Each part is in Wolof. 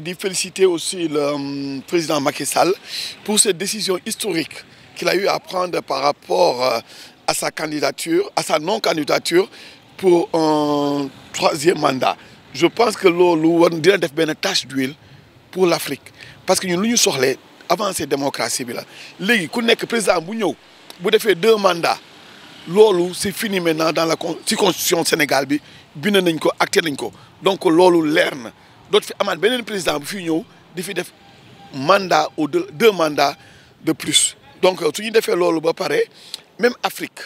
di féliciter aussi le euh, président Macky Sall pour cette décision historique qu'il a eu à prendre par rapport euh, à sa candidature, à sa non-candidature pour un troisième mandat. Je pense que loolu war dina def benn tache d'huile pour l'Afrique parce que ñun lu ñu soxlee avancer démocratie bi la léegi ku nekk président bu ñëw bu defee deux mandats loolu si fini maintenant dans la ci constitution Sénégal bi bind nañ ko acté nañ ko donc loolu leer na dootu fi amaat beneen président bu fi ñëw di fi def mandat ou deux mandats de plus donc su ñu defee loolu ba pare même Afrique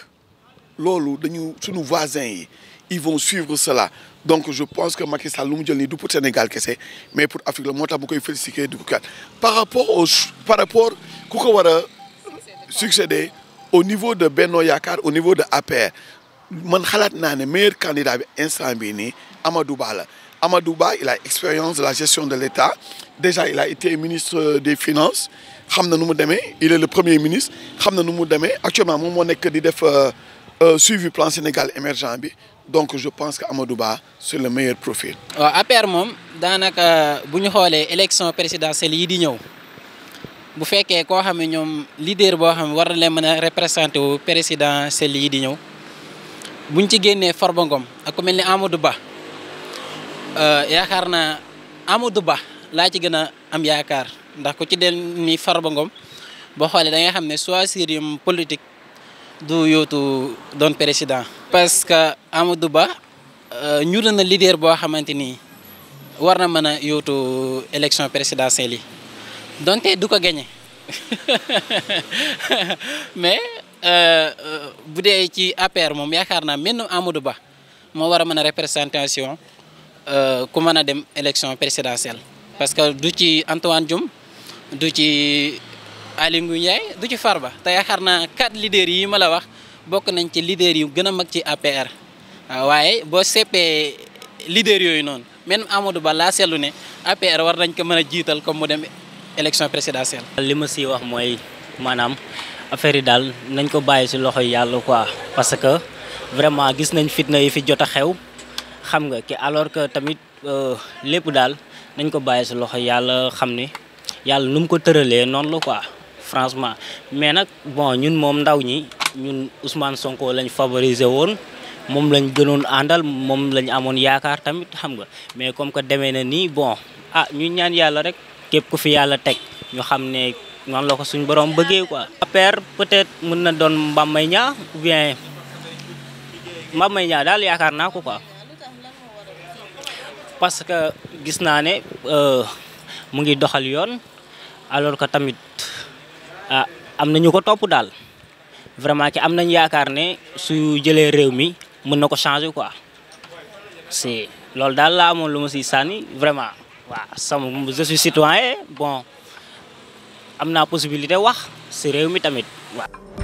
loolu dañu suñu voisins yi ils vont suivre cela donc je pense que Macky Sall lu mu jël nii du pour Sénégal kese mais pour Afrique la moo tax mu koy féliciter du ko kat par rapport au par rapport ku ko war a succéder au niveau de Benno Yaakaar au niveau de APR man xalaat naa ne meilleur candidat bi instant bi nii Amadou Ba la Amadou Ba il a expérience de la gestion de l'État déjà il a été ministre des finances xam na nu mu demee il est le premier ministre xam na nu mu demee actuellement moom moo nekk di def euh, euh, suivi plan Sénégal émergent bi donc je pense que Amadou Ba c'est le meilleur profil. waaw APR daanaka bu ñu xoolee élection présidentielle yi di ñëw. bu fekkee koo xam ne ñoom leader boo xam ne war na leen mën a représenté wu président sel yi di ñëw buñ ci génnee Farba Ngom ak ku mel ni Amadou Ba euh, yaakaar naa Amadou Ba laa ci gën a am yaakaar ndax ku ci dell ni Farba Ngom boo xoolee da nga xam ne choisir yum politique du yootu doon président. parce que Amadou Ba euh, ñu na leader boo xamante ni war na mën a yootu élection présidentielle yi. donte du ko gagné mais euh, bu dee ci APR moom yaakaar naa menn Amadou Ba moo war a mën a représentation euh, ku mën a dem élection présidentielle. parce que du ci Antoine Diome du ci Aly Ngouille Ndiaye du ci ba te yaakaar naa quatre leaders yi ma la wax bokk nañ ci leaders yu gën a mag ci APR ah, waaye boo seppee leaders yooyu noonu même Amadou Ba laa seetlu ne APR war nañ ko mën a jiital comme mu dem. élection présidentielle. li ma si wax mooy maanaam affaire yi daal nañ ko bàyyi si loxo yàlla quoi parce que vraiment gis nañ fitna yi fi jot a xew xam nga ki alors que tamit euh, lépp daal nañ ko bàyyi si loxo yàlla xam ni yàlla nu mu ko tëralee noonu la koi franchement mais nag bon ñun moom ndaw ñi ñun Ousmane Sonko lañ favoriser woon. moom lañ gënoon àndal moom lañ amoon yaakaar tamit xam nga mais comme que demee na nii bon ah ñu ñaan yàlla rek képp ku fi yàlla teg ñu xam ne noonu la ko suñu borom bëggee quoi. APR peut-être mën na doon Mame Mbaye Niang ou bien Mame daal yaakaar naa ko quoi parce que gis naa ne euh, mu ngi doxal yoon alors que tamit ah am na ñu ko topp daal vraiment ki am nañ yaakaar ne su jëlee réew mi mën na ko changer quoi c'est loolu daal laa amoon lu ma siy waaw sama je suis citoyen bon am naa possibilité wax si réew mi tamit waaw